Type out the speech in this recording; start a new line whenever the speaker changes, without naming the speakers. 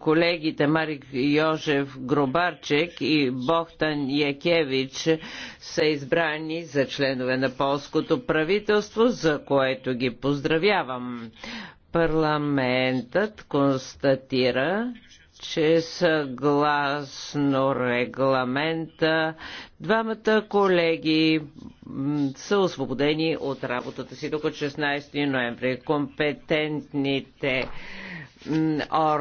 колегите Марик Йожев Гробарчек и Бохтан Якевич са избрани за членове на полското правителство, за което ги поздравявам. Парламентът констатира, че съгласно регламента двамата колеги са освободени от работата си до 16 ноември. Компетентните органи